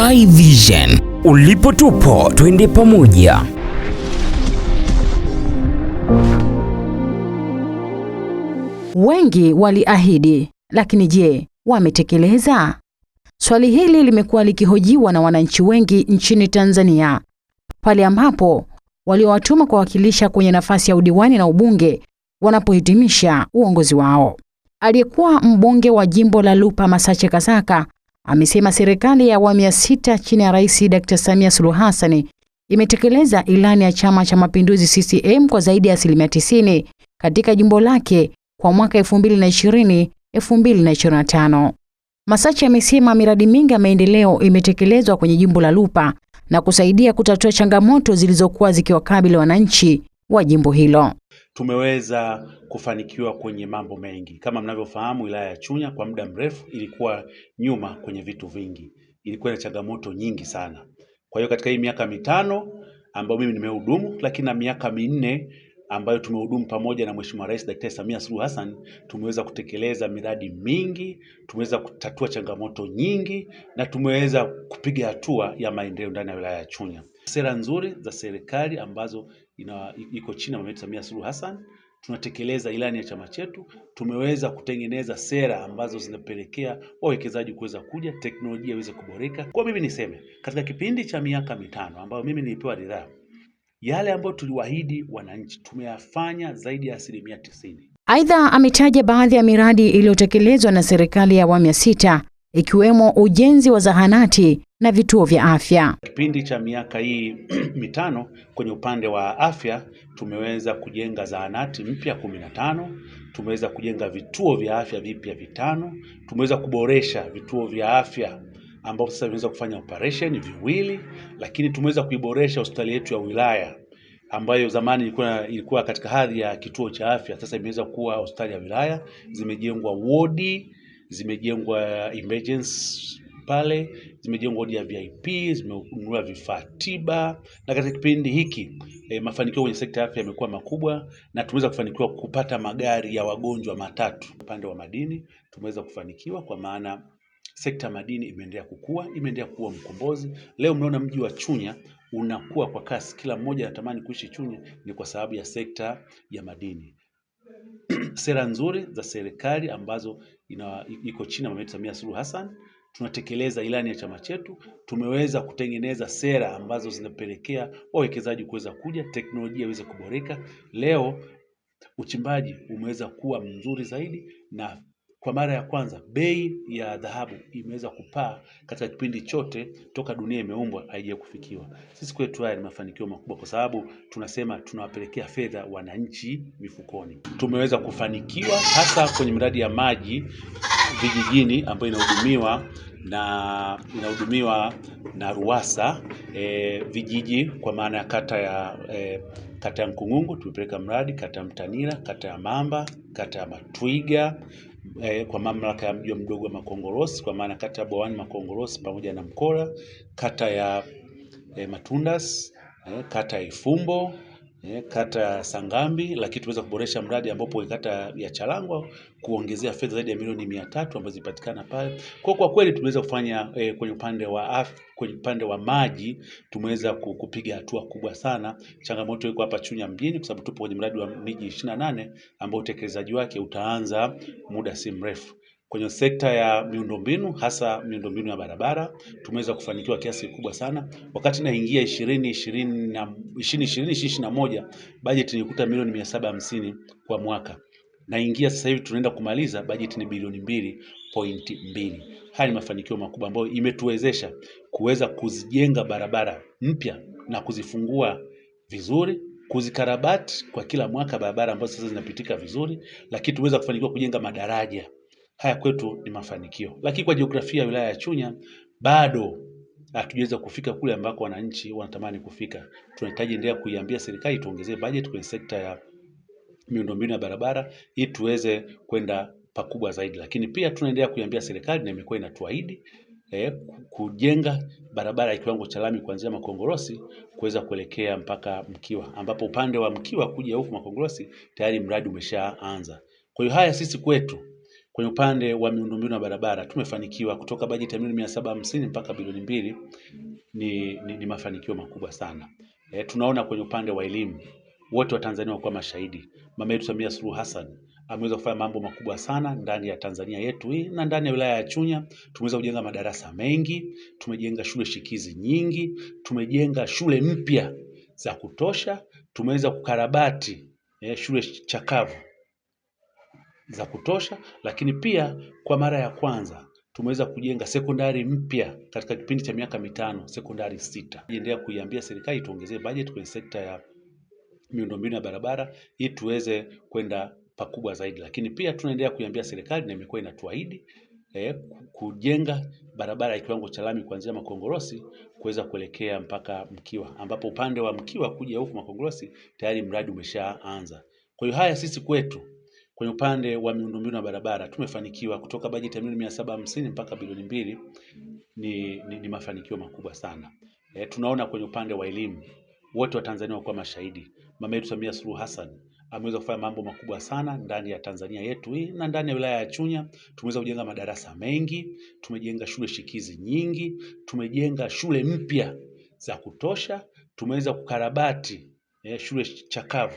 Sky Vision. Ulipo tupo, twende pamoja. Wengi waliahidi, lakini je, wametekeleza? Swali hili limekuwa likihojiwa na wananchi wengi nchini Tanzania pale ambapo waliowatuma kuwakilisha kwenye nafasi ya udiwani na ubunge wanapohitimisha uongozi wao. Aliyekuwa mbunge wa jimbo la Lupa Masache Kasaka amesema serikali ya awamu ya sita chini ya Rais Dr. Samia Suluhu Hassan imetekeleza ilani ya Chama cha Mapinduzi CCM kwa zaidi ya asilimia 90 katika jimbo lake kwa mwaka 2020 2025. Masache amesema miradi mingi ya maendeleo imetekelezwa kwenye jimbo la Lupa na kusaidia kutatua changamoto zilizokuwa zikiwakabili wananchi wa jimbo hilo tumeweza kufanikiwa kwenye mambo mengi. Kama mnavyofahamu, wilaya ya Chunya kwa muda mrefu ilikuwa nyuma kwenye vitu vingi, ilikuwa na changamoto nyingi sana. Kwa hiyo katika hii miaka mitano ambayo mimi nimehudumu, lakini na miaka minne ambayo tumehudumu pamoja na Mheshimiwa Rais Daktari Samia Suluhu Hassan, tumeweza kutekeleza miradi mingi, tumeweza kutatua changamoto nyingi na tumeweza kupiga hatua ya maendeleo ndani ya wilaya ya Chunya. Sera nzuri za serikali ambazo ina, iko chini ya Mama yetu Samia Suluhu Hassan. Tunatekeleza ilani ya chama chetu, tumeweza kutengeneza sera ambazo zinapelekea wawekezaji kuweza kuja, teknolojia iweze kuboreka. Kwa mimi niseme katika kipindi cha miaka mitano ambayo mimi nilipewa ridhaa, yale ambayo tuliwaahidi wananchi tumeyafanya zaidi ya asilimia tisini. Aidha, ametaja baadhi ya miradi iliyotekelezwa na serikali ya awamu ya sita ikiwemo ujenzi wa zahanati na vituo vya afya. Kipindi cha miaka hii mitano kwenye upande wa afya tumeweza kujenga zahanati mpya kumi na tano, tumeweza kujenga vituo vya afya vipya vitano, tumeweza kuboresha vituo vya afya ambapo sasa vimeweza kufanya operation viwili, lakini tumeweza kuiboresha hospitali yetu ya wilaya ambayo zamani ilikuwa, ilikuwa katika hadhi ya kituo cha afya, sasa imeweza kuwa hospitali ya wilaya. Zimejengwa wodi, zimejengwa emergency pale, zimejengwa wodi ya VIP, zimenunua vifaa tiba, na katika kipindi hiki e, mafanikio kwenye sekta ya afya yamekuwa makubwa na tumeweza kufanikiwa kupata magari ya wagonjwa matatu. Upande wa madini tumeweza kufanikiwa kwa maana sekta ya madini imeendelea kukua, imeendelea kuwa mkombozi. Leo mnaona mji wa Chunya unakuwa kwa kasi, kila mmoja anatamani kuishi Chunya, ni kwa sababu ya sekta ya madini. Sera nzuri za serikali ambazo ina, iko chini ya Mama Samia Suluhu Hassan tunatekeleza ilani ya chama chetu, tumeweza kutengeneza sera ambazo zinapelekea wawekezaji kuweza kuja, teknolojia iweze kuboreka. Leo uchimbaji umeweza kuwa mzuri zaidi na kwa mara ya kwanza, bei ya dhahabu imeweza kupaa katika kipindi chote toka dunia imeumbwa haijawahi kufikiwa. Sisi kwetu haya ni mafanikio makubwa kwa sababu tunasema tunawapelekea fedha wananchi mifukoni. Tumeweza kufanikiwa hasa kwenye miradi ya maji vijijini ambayo inahudumiwa na inahudumiwa na RUWASA e, vijiji kwa maana ya kata ya e, kata ya Mkungungu tumepeleka mradi, kata ya Mtanira, kata ya Mamba, kata ya Matwiga eh, kwa mamlaka ya mji mdogo wa Makongorosi kwa maana kata ya Bwawani Makongorosi pamoja na Mkola, kata ya eh, Matundas eh, kata ya Ifumbo eh, kata Sangambi, lakini tuweza kuboresha mradi ambapo kata ya Chalangwa kuongezea fedha zaidi ya milioni mia tatu ambazo zipatikana pale. Kwa kwa kweli tumeweza kufanya eh, kwenye upande wa afya, kwenye upande wa maji tumeweza kupiga hatua kubwa sana. Changamoto iko hapa Chunya mjini kwa sababu tupo kwenye mradi wa miji ishirini na nane ambao utekelezaji wake utaanza muda si mrefu. Kwenye sekta ya miundombinu hasa miundombinu ya barabara tumeweza kufanikiwa kiasi kikubwa sana. Wakati naingia ishirini ishirini ishirini na moja bajeti nilikuta milioni mia saba hamsini kwa mwaka, naingia sasa hivi tunaenda kumaliza bajeti ni bilioni mbili pointi mbili. Haya ni mafanikio makubwa ambayo imetuwezesha kuweza kuzijenga barabara mpya na kuzifungua vizuri kuzikarabati kwa kila mwaka barabara ambazo sasa zinapitika vizuri, lakini tumeweza kufanikiwa kujenga madaraja Haya kwetu ni mafanikio, lakini kwa jiografia ya wilaya ya Chunya bado hatujaweza kufika kule ambako wananchi wanatamani kufika. Tunahitaji endelea kuiambia serikali tuongezee budget kwenye sekta ya miundombinu ya barabara ili tuweze kwenda pakubwa zaidi, lakini pia tunaendelea kuiambia serikali na imekuwa inatuahidi eh, kujenga barabara ya kiwango cha lami kuanzia Makongorosi kuweza kuelekea mpaka Mkiwa, ambapo upande wa Mkiwa kuja huku Makongorosi tayari mradi umeshaanza. Kwa hiyo haya sisi kwetu Kwenye upande wa miundombinu ya barabara tumefanikiwa kutoka bajeti ya milioni mia saba hamsini mpaka bilioni mbili. Ni, ni, ni mafanikio makubwa sana. E, tunaona kwenye upande wa elimu wote wa Tanzania wakuwa mashahidi. Mama yetu Samia Suluhu Hassan ameweza kufanya mambo makubwa sana ndani ya Tanzania yetu hii na ndani ya wilaya ya Chunya. Tumeweza kujenga madarasa mengi, tumejenga shule shikizi nyingi, tumejenga shule mpya za kutosha, tumeweza kukarabati eh, shule chakavu za kutosha, lakini pia kwa mara ya kwanza tumeweza kujenga sekondari mpya katika kipindi cha miaka mitano, sekondari sita. Endelea kuiambia serikali tuongezee bajeti kwenye sekta ya miundombinu ya barabara ili tuweze kwenda pakubwa zaidi, lakini pia tunaendelea kuiambia serikali na imekuwa inatuahidi eh, kujenga barabara ya kiwango cha lami kuanzia Makongorosi kuweza kuelekea mpaka Mkiwa, ambapo upande wa Mkiwa kuja huku Makongorosi tayari mradi umeshaanza. Kwa hiyo haya sisi kwetu Kwenye upande wa miundombinu ya barabara tumefanikiwa kutoka bajeti ya milioni mia saba hamsini mpaka bilioni mbili. Ni, ni, ni mafanikio makubwa sana. E, tunaona kwenye upande wa elimu wote wa Tanzania wakuwa mashahidi. Mama yetu Samia Suluhu Hassan ameweza kufanya mambo makubwa sana ndani ya Tanzania yetu hii na ndani ya wilaya ya Chunya. Tumeweza kujenga madarasa mengi, tumejenga shule shikizi nyingi, tumejenga shule mpya za kutosha, tumeweza kukarabati eh, shule chakavu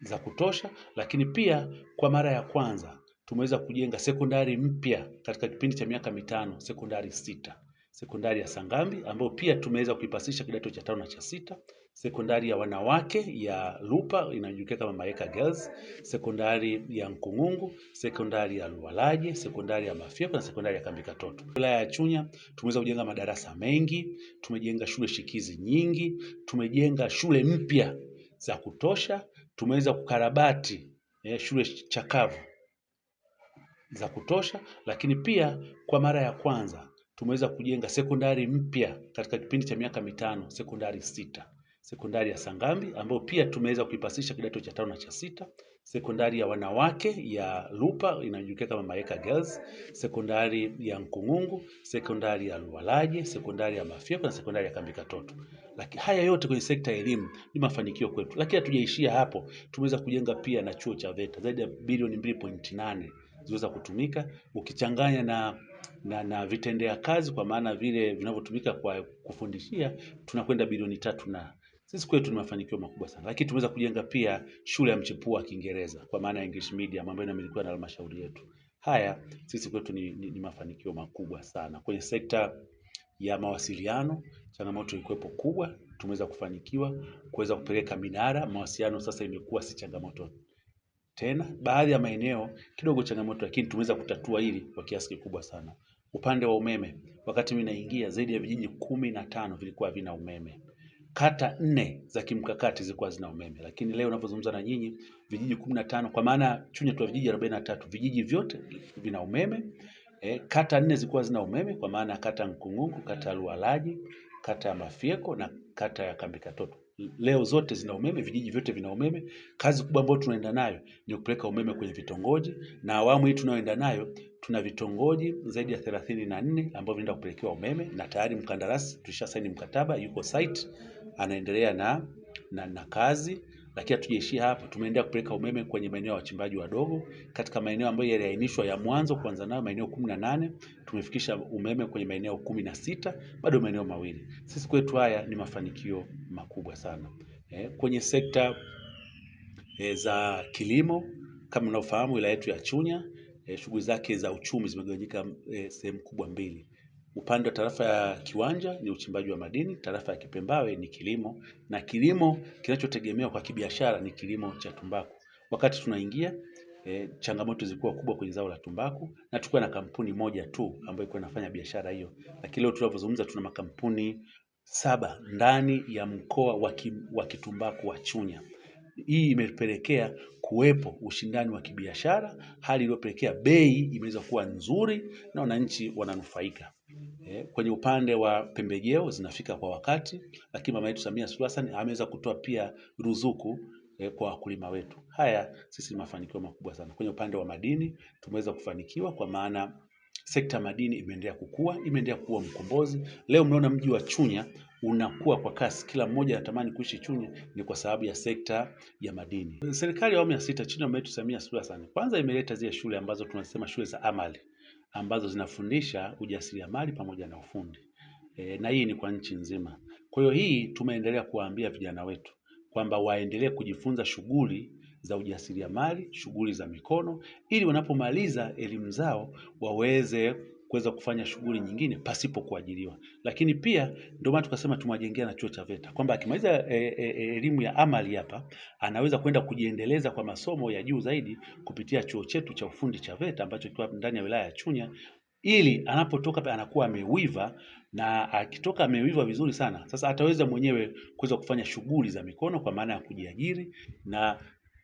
za kutosha, lakini pia kwa mara ya kwanza tumeweza kujenga sekondari mpya katika kipindi cha miaka mitano, sekondari sita, sekondari ya Sangambi ambayo pia tumeweza kuipasisha kidato cha tano na cha sita, sekondari ya wanawake ya Lupa inayojulikana kama Maeka Girls, sekondari ya Nkung'ungu, sekondari ya Luwalaje, sekondari ya Mafyeko na sekondari ya Kambikatoto. Wilaya ya Chunya tumeweza kujenga madarasa mengi, tumejenga shule shikizi nyingi, tumejenga shule mpya za kutosha tumeweza kukarabati eh, shule chakavu za kutosha, lakini pia kwa mara ya kwanza tumeweza kujenga sekondari mpya katika kipindi cha miaka mitano, sekondari sita sekondari ya Sangambi ambayo pia tumeweza kuipasisha kidato cha tano na cha sita, sekondari ya wanawake ya Lupa inayojulikana kama Maeka Girls, sekondari ya Nkungungu, sekondari ya Luwalaje, sekondari ya Mafyeko na sekondari ya kambikatoto lakini haya yote kwenye sekta ya elimu ni mafanikio kwetu, lakini hatujaishia hapo. Tumeweza kujenga pia na chuo cha VETA zaidi ya bilioni 2.8 ziweza kutumika ukichanganya na na, na vitendea kazi kwa maana vile vinavyotumika kwa kufundishia tunakwenda bilioni tatu na sisi kwetu ni mafanikio makubwa sana, lakini tumeweza kujenga pia shule ya mchepuo wa Kiingereza kwa maana ya English medium ambayo inamilikiwa na halmashauri yetu. Haya sisi kwetu ni, ni, ni mafanikio makubwa sana kwenye sekta ya mawasiliano, changamoto ilikuwepo kubwa, tumeweza kufanikiwa kuweza kupeleka minara, mawasiliano sasa imekuwa si changamoto tena. Baadhi ya maeneo kidogo changamoto, lakini tumeweza kutatua hili kwa kiasi kikubwa sana. Upande wa umeme, wakati mimi naingia zaidi ya vijiji kumi na tano vilikuwa havina umeme. Kata nne za kimkakati zilikuwa zina umeme, lakini leo ninapozungumza na nyinyi vijiji kumi na tano kwa maana Chunya tuna vijiji arobaini na tatu vijiji vyote vina umeme eh, kata nne zilikuwa zina umeme kwa maana kata Nkung'ungu, kata Lualaji, kata ya Mafyeko na kata ya Kambikatoto. Leo zote zina umeme, vijiji vyote vina umeme. Kazi kubwa ambayo tunaenda nayo ni kupeleka umeme kwenye vitongoji, na awamu hii tunayoenda nayo tuna vitongoji zaidi ya thelathini na nne ambavyo vinaenda kupelekewa umeme, na tayari mkandarasi tulishasaini mkataba, yuko site anaendelea na, na, na kazi. Lakini hatujaishia hapo, tumeendelea kupeleka umeme kwenye maeneo ya wachimbaji wadogo katika maeneo ambayo yaliainishwa ya mwanzo kuanza nayo maeneo kumi na nane tumefikisha umeme kwenye maeneo kumi na sita bado maeneo mawili. Sisi kwetu haya ni mafanikio makubwa sana. Eh, kwenye sekta eh, za kilimo kama unaofahamu wilaya yetu ya Chunya eh, shughuli zake za uchumi zimegawanyika eh, sehemu kubwa mbili. Upande wa tarafa ya Kiwanja ni uchimbaji wa madini, tarafa ya Kipembawe ni kilimo, na kilimo kinachotegemewa kwa kibiashara ni kilimo cha tumbaku. Wakati tunaingia e, changamoto zilikuwa kubwa kwenye zao la tumbaku, na tulikuwa na kampuni moja tu ambayo ilikuwa inafanya biashara hiyo, lakini leo tunavyozungumza tuna makampuni saba ndani ya mkoa wa kitumbaku wa Chunya. Hii imepelekea kuwepo ushindani wa kibiashara, hali iliyopelekea bei imeweza kuwa nzuri na wananchi wananufaika eh, kwenye upande wa pembejeo zinafika kwa wakati, lakini mama yetu Samia Suluhu Hassan ameweza kutoa pia ruzuku eh, kwa wakulima wetu. Haya sisi ni mafanikio makubwa sana. Kwenye upande wa madini tumeweza kufanikiwa kwa maana sekta madini imeendelea kukua, imeendelea kuwa mkombozi. Leo mnaona mji wa Chunya unakuwa kwa kasi, kila mmoja anatamani kuishi Chunya, ni kwa sababu ya sekta ya madini. Serikali ya awamu ya sita chini ya mama yetu Samia Suluhu Hassan kwanza imeleta zile shule ambazo tunasema shule za amali ambazo zinafundisha ujasiriamali pamoja na ufundi e, na hii ni kwa nchi nzima. Kwa hiyo hii tumeendelea kuwaambia vijana wetu kwamba waendelee kujifunza shughuli za ujasiriamali, shughuli za mikono, ili wanapomaliza elimu zao waweze kuweza kufanya shughuli nyingine pasipo kuajiriwa. Lakini pia ndio maana tukasema tumwajengea na chuo cha VETA kwamba akimaliza e, e, e, elimu ya amali hapa anaweza kwenda kujiendeleza kwa masomo ya juu zaidi kupitia chuo chetu cha ufundi cha VETA ambacho kiko ndani ya wilaya ya Chunya ili anapotoka anakuwa amewiva na akitoka amewiva vizuri sana, sasa ataweza mwenyewe kuweza kufanya shughuli za mikono kwa maana ya kujiajiri na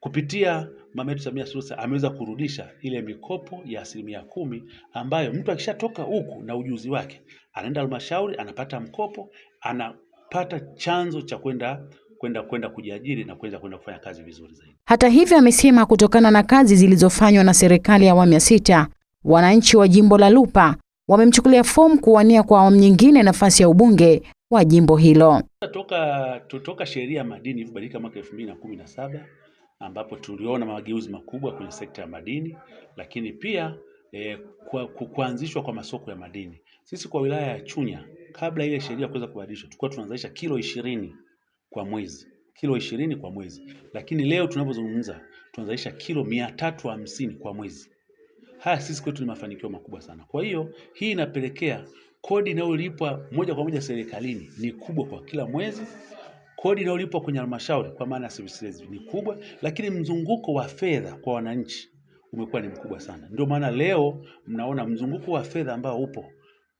Kupitia mama yetu Samia Suluhu ameweza kurudisha ile mikopo ya asilimia kumi ambayo mtu akishatoka huku na ujuzi wake anaenda halmashauri anapata mkopo, anapata chanzo cha kwenda kwenda kwenda kujiajiri na kuweza kwenda kufanya kazi vizuri zaidi. Hata hivyo, amesema kutokana na kazi zilizofanywa na serikali ya awamu ya sita, wananchi wa jimbo la Lupa wamemchukulia fomu kuwania kwa awamu nyingine nafasi ya ubunge wa jimbo hilo. Toka sheria madini ilibadilika mwaka elfu mbili na kumi na saba ambapo tuliona mageuzi makubwa kwenye sekta ya madini, lakini pia e, kwa, kuanzishwa kwa masoko ya madini. Sisi kwa wilaya ya Chunya, kabla ile sheria kuweza kubadilishwa, tulikuwa tunazalisha kilo ishirini kwa mwezi, kilo ishirini kwa mwezi, lakini leo tunavyozungumza tunazalisha kilo mia tatu hamsini kwa mwezi. Haya sisi kwetu ni mafanikio makubwa sana. Kwa hiyo hii inapelekea kodi inayolipwa moja kwa moja serikalini ni kubwa kwa kila mwezi, Kodi inayolipwa kwenye halmashauri kwa maana ya service levy ni kubwa, lakini mzunguko wa fedha kwa wananchi umekuwa ni mkubwa sana. Ndio maana leo mnaona mzunguko wa fedha ambao upo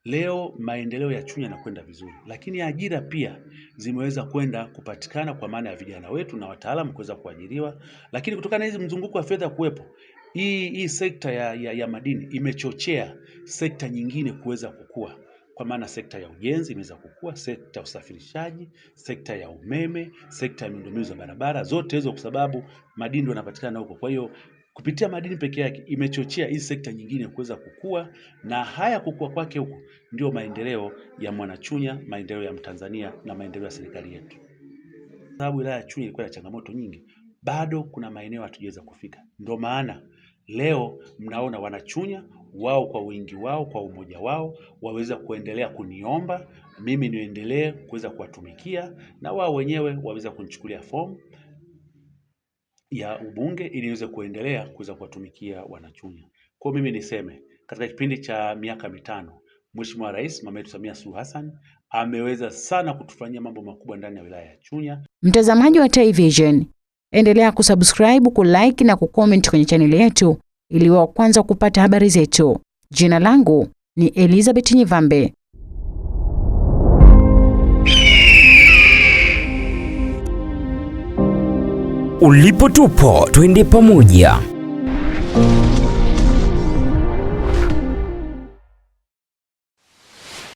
leo, maendeleo ya Chunya yanakwenda vizuri, lakini ajira pia zimeweza kwenda kupatikana kwa maana ya vijana wetu na wataalamu kuweza kuajiriwa, lakini kutokana na hizi mzunguko wa fedha kuwepo hii hii sekta ya, ya, ya madini imechochea sekta nyingine kuweza kukua kwa maana sekta ya ujenzi imeweza kukua, sekta ya usafirishaji, sekta ya umeme, sekta ya miundombinu za barabara, zote hizo kwa sababu madini ndio yanapatikana huko. Kwa hiyo kupitia madini peke yake imechochea hii sekta nyingine kuweza kukua, na haya kukua kwake huko ndio maendeleo ya Mwanachunya, maendeleo ya Mtanzania na maendeleo ya serikali yetu. Sababu wilaya ya Chunya ilikuwa na changamoto nyingi, bado kuna maeneo hatujaweza kufika, ndio maana Leo mnaona wanachunya wao kwa wingi wao kwa umoja wao, waweza kuendelea kuniomba mimi niendelee kuweza kuwatumikia, na wao wenyewe waweza kunichukulia fomu ya ubunge ili niweze kuendelea kuweza kuwatumikia wanachunya. Kwa mimi niseme katika kipindi cha miaka mitano Mheshimiwa Rais mama yetu Samia Suluhu Hassan ameweza sana kutufanyia mambo makubwa ndani ya wilaya ya Chunya. Mtazamaji wa TriVision, Endelea kusubscribe, kulike na kucomment kwenye chaneli yetu ili wa kwanza kupata habari zetu. Jina langu ni Elizabeth Nyivambe. Ulipo tupo, twende pamoja.